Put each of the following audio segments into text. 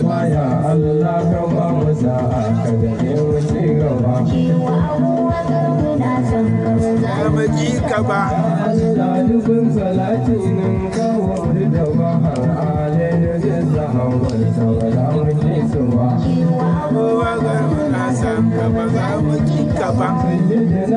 gaba ya Allah ka ba mu sa'a ka gane mu ci gaba kiwa ka ba Allah dubin salati nan ka wani da ba har alayyar da zahawar saura mu ci su ba kiwa abubakar muna ka ba mu ci ka ba sayyidina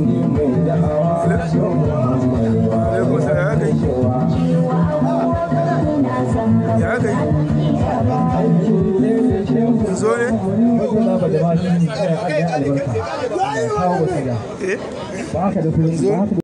malami mai da'awa shehu ya kai